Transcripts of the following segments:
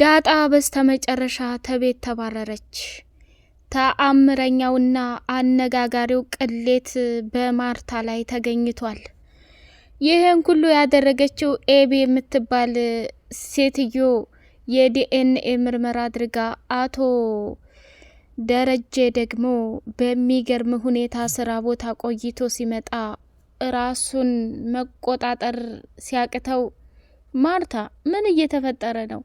ዳጣ በስተመጨረሻ ተቤት ተባረረች። ተአምረኛውና አነጋጋሪው ቅሌት በማርታ ላይ ተገኝቷል። ይህን ሁሉ ያደረገችው ኤቢ የምትባል ሴትዮ የዲኤንኤ ምርመራ አድርጋ፣ አቶ ደረጀ ደግሞ በሚገርም ሁኔታ ስራ ቦታ ቆይቶ ሲመጣ ራሱን መቆጣጠር ሲያቅተው ማርታ ምን እየተፈጠረ ነው?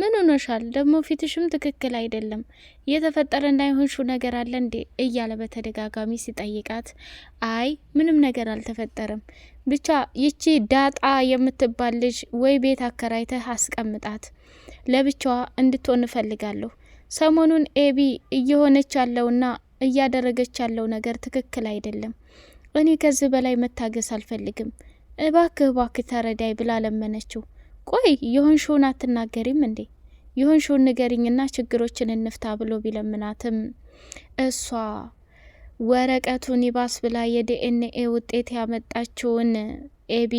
ምን ሆነሻል ደግሞ? ፊትሽም ትክክል አይደለም። የተፈጠረ እንዳይሆንሽው ነገር አለ እንዴ? እያለ በተደጋጋሚ ሲጠይቃት፣ አይ ምንም ነገር አልተፈጠረም፣ ብቻ ይቺ ዳጣ የምትባል ልጅ ወይ ቤት አከራይተህ አስቀምጣት፣ ለብቻዋ እንድትሆን እፈልጋለሁ። ሰሞኑን ኤቢ እየሆነች ያለውና እያደረገች ያለው ነገር ትክክል አይደለም። እኔ ከዚህ በላይ መታገስ አልፈልግም። እባክህ እባክህ ተረዳይ ብላ ለመነችው። ቆይ የሆንሽውን አትናገሪም እንዴ? የሆንሽውን ንገሪኝና ችግሮችን እንፍታ ብሎ ቢለምናትም እሷ ወረቀቱን ይባስ ብላ የዲኤንኤ ውጤት ያመጣችውን ኤቢ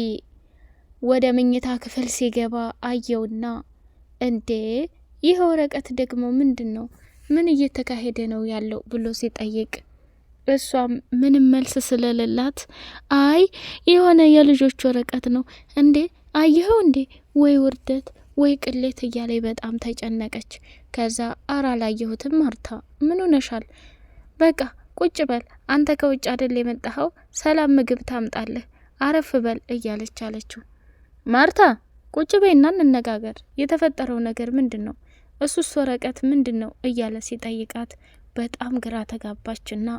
ወደ መኝታ ክፍል ሲገባ አየውና፣ እንዴ ይህ ወረቀት ደግሞ ምንድን ነው? ምን እየተካሄደ ነው ያለው ብሎ ሲጠይቅ እሷም ምንም መልስ ስለሌላት አይ የሆነ የልጆች ወረቀት ነው እንዴ አየኸው እንዴ ወይ ውርደት ወይ ቅሌት እያለይ በጣም ተጨነቀች። ከዛ አራ ላየሁትም፣ ማርታ ምን ሆነሻል? በቃ ቁጭ በል አንተ ከውጭ አደል የመጣኸው? ሰላም ምግብ ታምጣለህ፣ አረፍ በል እያለች አለችው። ማርታ ቁጭ በይና እንነጋገር፣ የተፈጠረው ነገር ምንድን ነው? እሱስ ወረቀት ምንድን ነው እያለ ሲጠይቃት በጣም ግራ ተጋባችና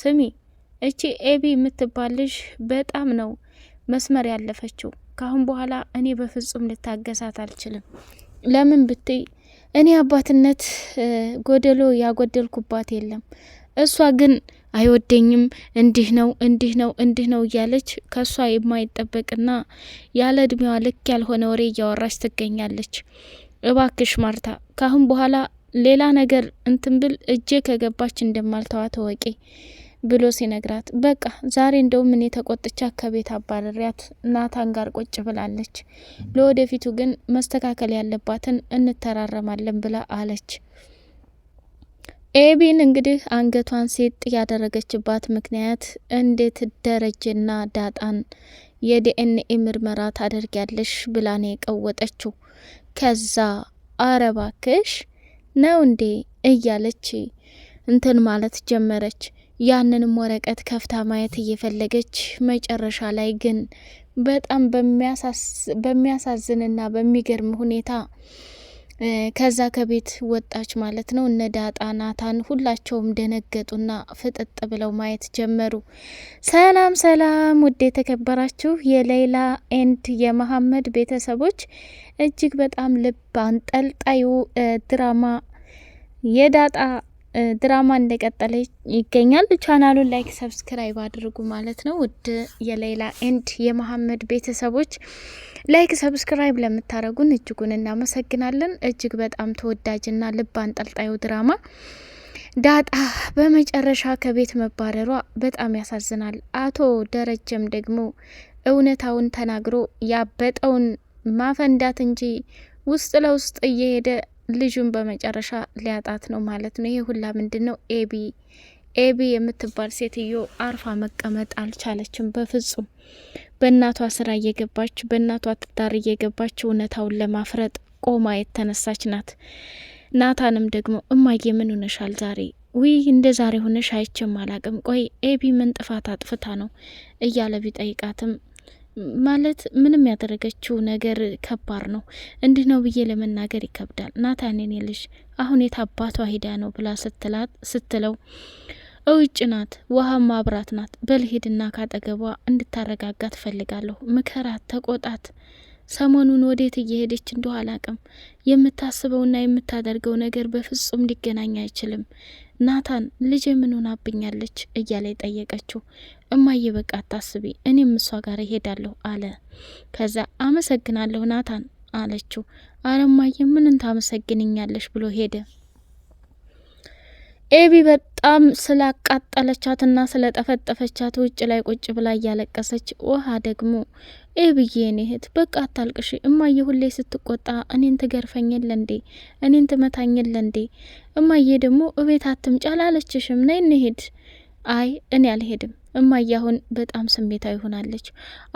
ስሚ እቺ ኤቢ የምትባል ልጅ በጣም ነው መስመር ያለፈችው ካሁን በኋላ እኔ በፍጹም ልታገሳት አልችልም። ለምን ብትይ እኔ አባትነት ጎደሎ ያጎደልኩባት የለም። እሷ ግን አይወደኝም፣ እንዲህ ነው እንዲህ ነው እንዲህ ነው እያለች ከእሷ የማይጠበቅና ያለ እድሜዋ ልክ ያልሆነ ወሬ እያወራች ትገኛለች። እባክሽ ማርታ ካሁን በኋላ ሌላ ነገር እንትን ብል እጄ ከገባች እንደማልተዋ ተወቂ ብሎ ሲነግራት በቃ ዛሬ እንደውም እኔ ተቆጥቻ ከቤት አባረሪያት ናታን ጋር ቁጭ ብላለች። ለወደፊቱ ግን መስተካከል ያለባትን እንተራረማለን ብላ አለች። ኤቢን እንግዲህ አንገቷን ሴጥ ያደረገችባት ምክንያት እንዴት ደረጀና ዳጣን የዲኤንኤ ምርመራ ታደርጊያለሽ ብላ ነው የቀወጠችው። ከዛ አረባክሽ ነው እንዴ እያለች እንትን ማለት ጀመረች። ያንንም ወረቀት ከፍታ ማየት እየፈለገች መጨረሻ ላይ ግን በጣም በሚያሳዝንና በሚገርም ሁኔታ ከዛ ከቤት ወጣች ማለት ነው። እነ ዳጣ ናታን ሁላቸውም ደነገጡና ፍጥጥ ብለው ማየት ጀመሩ። ሰላም ሰላም! ውድ የተከበራችሁ የሌላ ኤንድ የመሀመድ ቤተሰቦች እጅግ በጣም ልብ አንጠልጣዩ ድራማ የዳጣ ድራማ እንደቀጠለ ይገኛል። ቻናሉን ላይክ፣ ሰብስክራይብ አድርጉ ማለት ነው። ውድ የሌላ ኤንድ የመሀመድ ቤተሰቦች ላይክ፣ ሰብስክራይብ ለምታደረጉን እጅጉን እናመሰግናለን። እጅግ በጣም ተወዳጅና ልብ አንጠልጣዩ ድራማ ዳጣ በመጨረሻ ከቤት መባረሯ በጣም ያሳዝናል። አቶ ደረጀም ደግሞ እውነታውን ተናግሮ ያበጠውን ማፈንዳት እንጂ ውስጥ ለውስጥ እየሄደ ልጁን በመጨረሻ ሊያጣት ነው ማለት ነው። ይሄ ሁላ ምንድን ነው? ኤቢ ኤቢ የምትባል ሴትዮ አርፋ መቀመጥ አልቻለችም። በፍጹም በእናቷ ስራ እየገባች በእናቷ ትዳር እየገባች እውነታውን ለማፍረጥ ቆማ የተነሳች ናት። ናታንም ደግሞ እማዬ ምን ሆነሻል ዛሬ? ውይ እንደ ዛሬ ሆነሽ አይችም አላቅም። ቆይ ኤቢ ምን ጥፋት አጥፍታ ነው እያለ ቢጠይቃትም ማለት ምንም ያደረገችው ነገር ከባድ ነው። እንዲህ ነው ብዬ ለመናገር ይከብዳል። ናታኔን የልሽ አሁን የት አባቷ ሂዳ ነው ብላ ስትላት ስትለው እውጭ ናት፣ ውሃም ማብራት ናት። በልሂድና ካጠገቧ እንድታረጋጋት ትፈልጋለሁ ምከራት፣ ተቆጣት። ሰሞኑን ወዴት እየሄደች እንደሁ አላቅም። የምታስበውና የምታደርገው ነገር በፍጹም ሊገናኝ አይችልም። ናታን ልጄ ምን ሆናብኛለች እያለ ጠየቀችው። እማዬ በቃ አታስቢ፣ እኔም እሷ ጋር እሄዳለሁ አለ። ከዛ አመሰግናለሁ ናታን አለችው። አረ እማዬ ምንን ታመሰግንኛለሽ ብሎ ሄደ። ኤቢ በጣም ስላቃጠለቻትና ስለጠፈጠፈቻት ውጭ ላይ ቁጭ ብላ እያለቀሰች፣ ውሃ ደግሞ ኤብዬ የኔ እህት በቃ አታልቅሽ፣ እማዬ ሁሌ ስትቆጣ እኔን ትገርፈኝ የለ እንዴ? እኔን ትመታኝ የለ እንዴ? እማዬ ደግሞ እቤት አትምጫ አላለችሽም? ነይ እንሂድ። አይ እኔ አልሄድም እማዬ አሁን በጣም ስሜታዊ ሆናለች።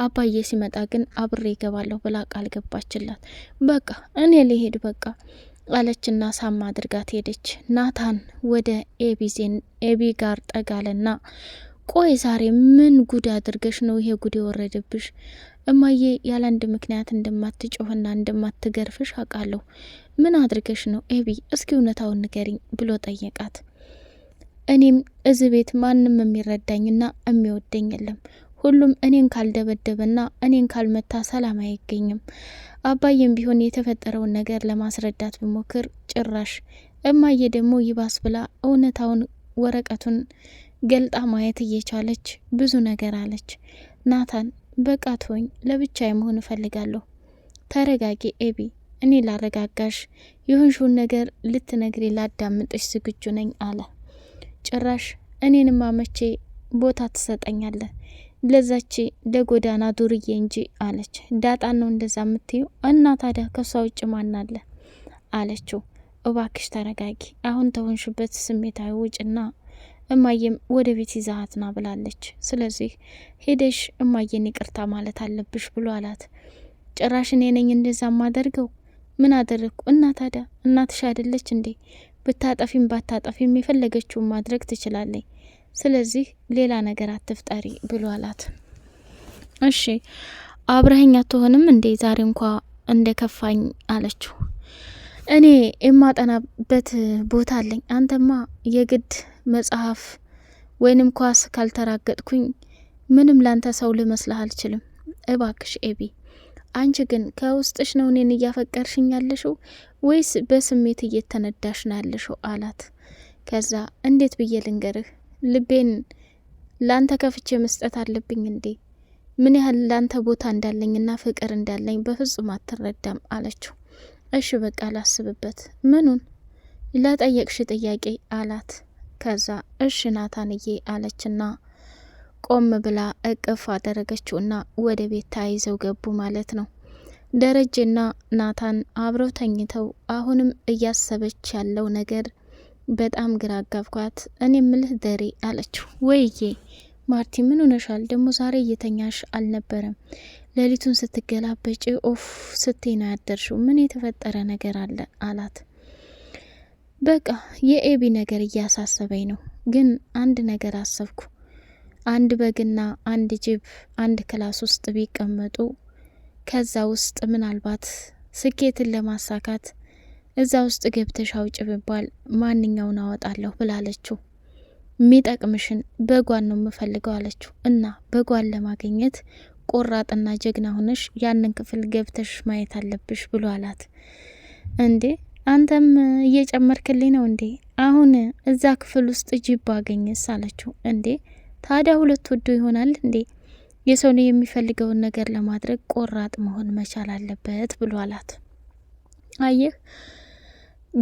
አባዬ ሲመጣ ግን አብሬ ይገባለሁ ብላ ቃል ገባችላት። በቃ እኔ ልሄድ በቃ አለችና ሳማ አድርጋት ሄደች። ናታን ወደ ኤቢዜን ኤቢ ጋር ጠጋለና ቆይ ዛሬ ምን ጉድ አድርገሽ ነው ይሄ ጉድ የወረደብሽ? እማዬ ያለ አንድ ምክንያት እንደማትጮህና እንደማትገርፍሽ አውቃለሁ። ምን አድርገሽ ነው ኤቢ? እስኪ እውነታውን ንገሪኝ ብሎ ጠየቃት። እኔም እዚህ ቤት ማንም የሚረዳኝና የሚወደኝ የለም። ሁሉም እኔን ካልደበደበና እኔን ካልመታ ሰላም አይገኝም። አባዬም ቢሆን የተፈጠረውን ነገር ለማስረዳት ብሞክር ጭራሽ እማዬ ደግሞ ይባስ ብላ እውነታውን ወረቀቱን ገልጣ ማየት እየቻለች ብዙ ነገር አለች። ናታን በቃ ትሆኝ ለብቻ መሆን እፈልጋለሁ። ተረጋጊ ኤቢ፣ እኔ ላረጋጋሽ፣ የሆንሽውን ነገር ልትነግሬ ላዳምጥሽ ዝግጁ ነኝ አለ። ጭራሽ እኔንማ መቼ ቦታ ትሰጠኛለህ? ለዛች ለጎዳና ዱርዬ እንጂ አለች። ዳጣን ነው እንደዛ የምትየው? እና ታዲያ ከሷ ውጭ ማናለ አለችው። እባክሽ ተረጋጊ፣ አሁን ተወንሽበት ስሜታዊ ውጭና እማዬም ወደ ቤት ይዛሃትና ብላለች። ስለዚህ ሄደሽ እማዬን ይቅርታ ማለት አለብሽ ብሎ አላት። ጭራሽ እኔ ነኝ እንደዛ ማደርገው? ምን አደረግኩ? እና ታዲያ እናትሽ አይደለች እንዴ? ብታጠፊም ባታጠፊም የፈለገችውን ማድረግ ትችላለኝ። ስለዚህ ሌላ ነገር አትፍጠሪ ብሎ አላት። እሺ አብረኸኝ አትሆንም እንዴ ዛሬ እንኳ እንደ ከፋኝ አለችው። እኔ የማጠናበት ቦታ አለኝ። አንተማ የግድ መጽሐፍ ወይንም ኳስ ካልተራገጥኩኝ ምንም ላንተ ሰው ልመስልህ አልችልም። እባክሽ ኤቢ አንቺ ግን ከውስጥሽ ነው እኔን እያፈቀርሽኝ ያለሽው ወይስ በስሜት እየተነዳሽ ነው ያለሽው አላት። ከዛ እንዴት ብዬ ልንገርህ ልቤን ላንተ ከፍቼ መስጠት አለብኝ እንዴ? ምን ያህል ላንተ ቦታ እንዳለኝና ፍቅር እንዳለኝ በፍጹም አትረዳም አለችው። እሺ በቃ ላስብበት። ምኑን ለጠየቅሽ ጥያቄ አላት። ከዛ እሺ ናታንዬ አለችና ቆም ብላ እቅፍ አደረገችውና ወደ ቤት ተያይዘው ገቡ ማለት ነው። ደረጀና ናታን አብረው ተኝተው አሁንም እያሰበች ያለው ነገር በጣም ግራ አጋብኳት። እኔ ምልህ ደሬ አለችው። ወይዬ ማርቲ ምን ሆነሻል? ደግሞ ዛሬ እየተኛሽ አልነበረም? ሌሊቱን ስትገላበጭ ኦፍ ስቴ ነው ያደርሽው። ምን የተፈጠረ ነገር አለ አላት። በቃ የኤቢ ነገር እያሳሰበኝ ነው፣ ግን አንድ ነገር አሰብኩ። አንድ በግና አንድ ጅብ አንድ ክላስ ውስጥ ቢቀመጡ ከዛ ውስጥ ምናልባት ስኬትን ለማሳካት እዛ ውስጥ ገብተሽ አውጭ ብባል ማንኛውን አወጣለሁ ብላለችው። ሚጠቅምሽን በጓን ነው የምፈልገው አለችው እና በጓን ለማግኘት ቆራጥና ጀግና ሆነሽ ያንን ክፍል ገብተሽ ማየት አለብሽ ብሎ አላት። እንዴ አንተም እየጨመርክልኝ ነው እንዴ? አሁን እዛ ክፍል ውስጥ ጅብ አገኘስ አለችው። እንዴ ታዲያ ሁለት ወዶ ይሆናል እንዴ? የሰው ነው የሚፈልገውን ነገር ለማድረግ ቆራጥ መሆን መቻል አለበት ብሎ አላት። አየህ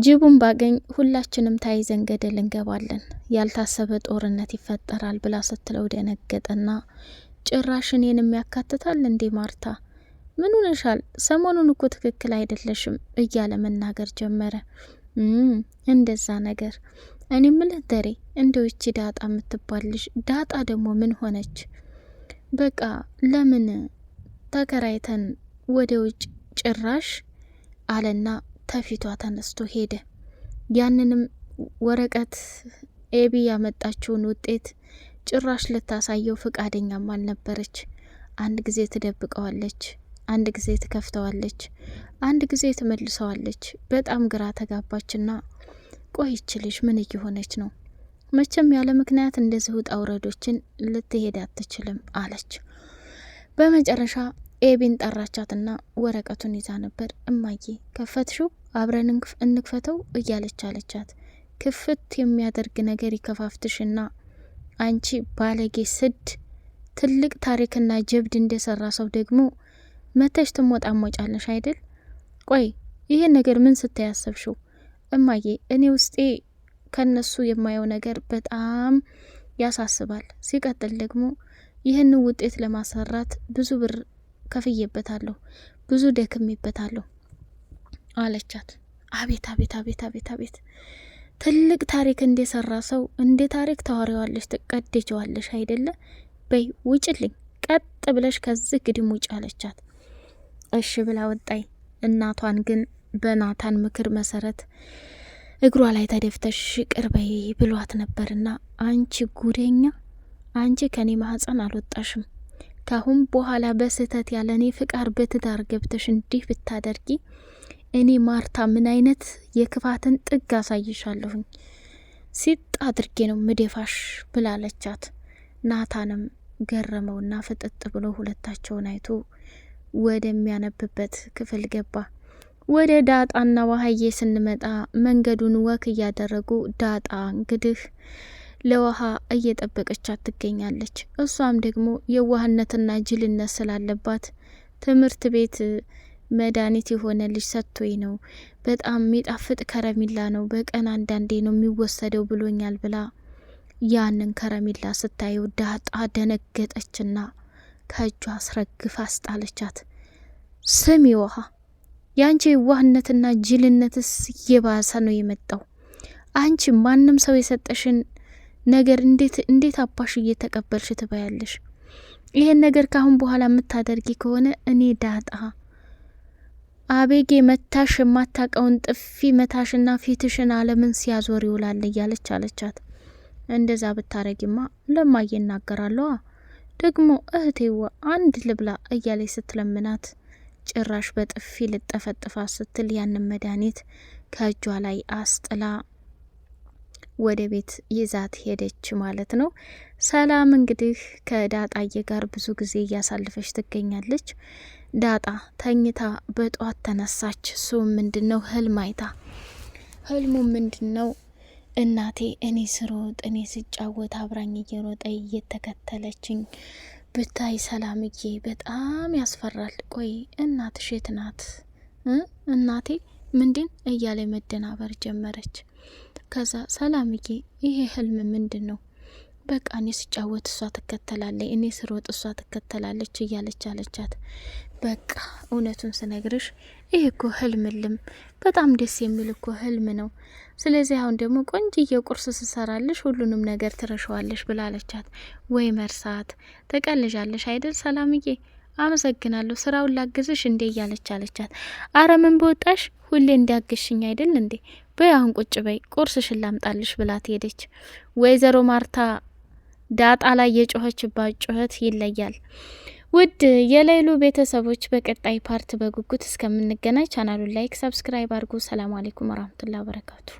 ጅቡን ባገኝ ሁላችንም ታይዘን ገደል እንገባለን፣ ያልታሰበ ጦርነት ይፈጠራል ብላ ስትለው ደነገጠና ጭራሽ እኔንም ያካትታል እንዴ? ማርታ ምን ሆነሻል? ሰሞኑን እኮ ትክክል አይደለሽም እያለ መናገር ጀመረ። እንደዛ ነገር እኔ ምልህ ደሬ እንደው ይቺ ዳጣ የምትባል ልጅ ዳጣ ደግሞ ምን ሆነች? በቃ ለምን ተከራይተን ወደ ውጭ ጭራሽ አለና ተፊቷ ተነስቶ ሄደ። ያንንም ወረቀት ኤቢ ያመጣችውን ውጤት ጭራሽ ልታሳየው ፈቃደኛም አልነበረች። አንድ ጊዜ ትደብቀዋለች፣ አንድ ጊዜ ትከፍተዋለች፣ አንድ ጊዜ ትመልሰዋለች። በጣም ግራ ተጋባችና ቆይ ልጅ ምን እየሆነች ነው? መቼም ያለ ምክንያት እንደዚህ ውጣ ውረዶችን ልትሄድ አትችልም አለች። በመጨረሻ ኤቢን ጠራቻትና ወረቀቱን ይዛ ነበር። እማዬ ከፈትሹ አብረን እንክፈተው እያለች አለቻት። ክፍት የሚያደርግ ነገር ይከፋፍትሽና አንቺ ባለጌ ስድ፣ ትልቅ ታሪክና ጀብድ እንደሰራ ሰው ደግሞ መተሽ ትሞጣሞጫለሽ አይደል? ቆይ ይህን ነገር ምን ስታያሰብሽው እማዬ እኔ ውስጤ ከነሱ የማየው ነገር በጣም ያሳስባል። ሲቀጥል ደግሞ ይህንን ውጤት ለማሰራት ብዙ ብር ከፍዬበታለሁ፣ ብዙ ደክሜበታለሁ አለቻት። አቤት አቤት አቤት አቤት አቤት! ትልቅ ታሪክ እንደሰራ ሰው እንደ ታሪክ ታወሪዋለሽ፣ ትቀደጀዋለሽ አይደለ? በይ ውጭልኝ፣ ቀጥ ብለሽ ከዚህ ግድም ውጭ አለቻት። እሺ ብላ ወጣይ። እናቷን ግን በናታን ምክር መሰረት እግሯ ላይ ተደፍተሽ ቅርበይ ብሏት ነበርና አንቺ ጉደኛ፣ አንቺ ከኔ ማህፀን አልወጣሽም። ካሁን በኋላ በስህተት ያለ እኔ ፍቃድ በትዳር ገብተሽ እንዲህ ብታደርጊ እኔ ማርታ ምን አይነት የክፋትን ጥግ አሳይሻለሁኝ ሲጥ አድርጌ ነው ምደፋሽ ብላለቻት። ናታንም ገረመውና ፍጥጥ ብሎ ሁለታቸውን አይቶ ወደሚያነብበት ክፍል ገባ። ወደ ዳጣና ዋህዬ ስንመጣ መንገዱን ወክ እያደረጉ ዳጣ እንግዲህ ለውሃ እየጠበቀቻት ትገኛለች። እሷም ደግሞ የዋህነትና ጅልነት ስላለባት ትምህርት ቤት መድኃኒት የሆነ ልጅ ሰጥቶኝ ነው በጣም የሚጣፍጥ ከረሚላ ነው በቀን አንዳንዴ ነው የሚወሰደው ብሎኛል ብላ ያንን ከረሚላ ስታየው ዳጣ ደነገጠችና ከእጇ አስረግፍ አስጣለቻት። ስሚ ውሃ የአንቺ የዋህነትና ጅልነትስ እየባሰ ነው የመጣው። አንቺ ማንም ሰው የሰጠሽን ነገር እንዴት እንዴት አባሽ እየተቀበልሽ ትበያለሽ? ይሄን ነገር ካሁን በኋላ የምታደርጊ ከሆነ እኔ ዳጣ አቤጌ መታሽ የማታቀውን ጥፊ መታሽና ፊትሽን አለምን ሲያዞር ይውላል እያለች አለቻት። እንደዛ ብታረጊማ ለማየ እናገራለዋ። ደግሞ እህቴዋ አንድ ልብላ እያለች ስትለምናት ጭራሽ በጥፊ ልጠፈጥፋ ስትል ያንን መድኃኒት ከእጇ ላይ አስጥላ ወደ ቤት ይዛት ሄደች ማለት ነው። ሰላም እንግዲህ ከዳጣዬ ጋር ብዙ ጊዜ እያሳለፈች ትገኛለች። ዳጣ ተኝታ በጧት ተነሳች። ሱ ምንድን ነው ህልም አይታ ህልሙ ምንድን ነው? እናቴ እኔ ስሮጥ እኔ ስጫወት አብራኝ እየሮጠ እየተከተለችኝ ብታይ ሰላምዬ በጣም ያስፈራል። ቆይ እናትሽ የት ናት? እናቴ ምንድን እያለ መደናበር ጀመረች። ከዛ ሰላምዬ ይሄ ህልም ምንድን ነው? በቃ እኔ ስጫወት እሷ ትከተላለች፣ እኔ ስሮጥ እሷ ትከተላለች እያለች አለቻት። በቃ እውነቱን ስነግርሽ ይህ እኮ ህልምልም በጣም ደስ የሚል እኮ ህልም ነው። ስለዚህ አሁን ደግሞ ቆንጅዬ ቁርስ ስሰራለሽ ሁሉንም ነገር ትረሸዋለሽ ብላለቻት። ወይ መርሳት ተቀልዣለሽ አይደል ሰላምዬ? አመሰግናለሁ ስራውን ላግዝሽ እንዴ እያለች አለቻት። አረ ምን በወጣሽ ሁሌ እንዲያግሽኝ አይደል እንዴ? በይ አሁን ቁጭ በይ ቁርስሽን ላምጣልሽ ብላት ሄደች። ወይዘሮ ማርታ ዳጣ ላይ የጮኸችባት ጩኸት ይለያል። ውድ የሌሉ ቤተሰቦች በቀጣይ ፓርት በጉጉት እስከምንገናኝ ቻናሉን ላይክ፣ ሰብስክራይብ አድርጉ። ሰላም አሌይኩም ወራህመቱላሂ ወበረካቱ።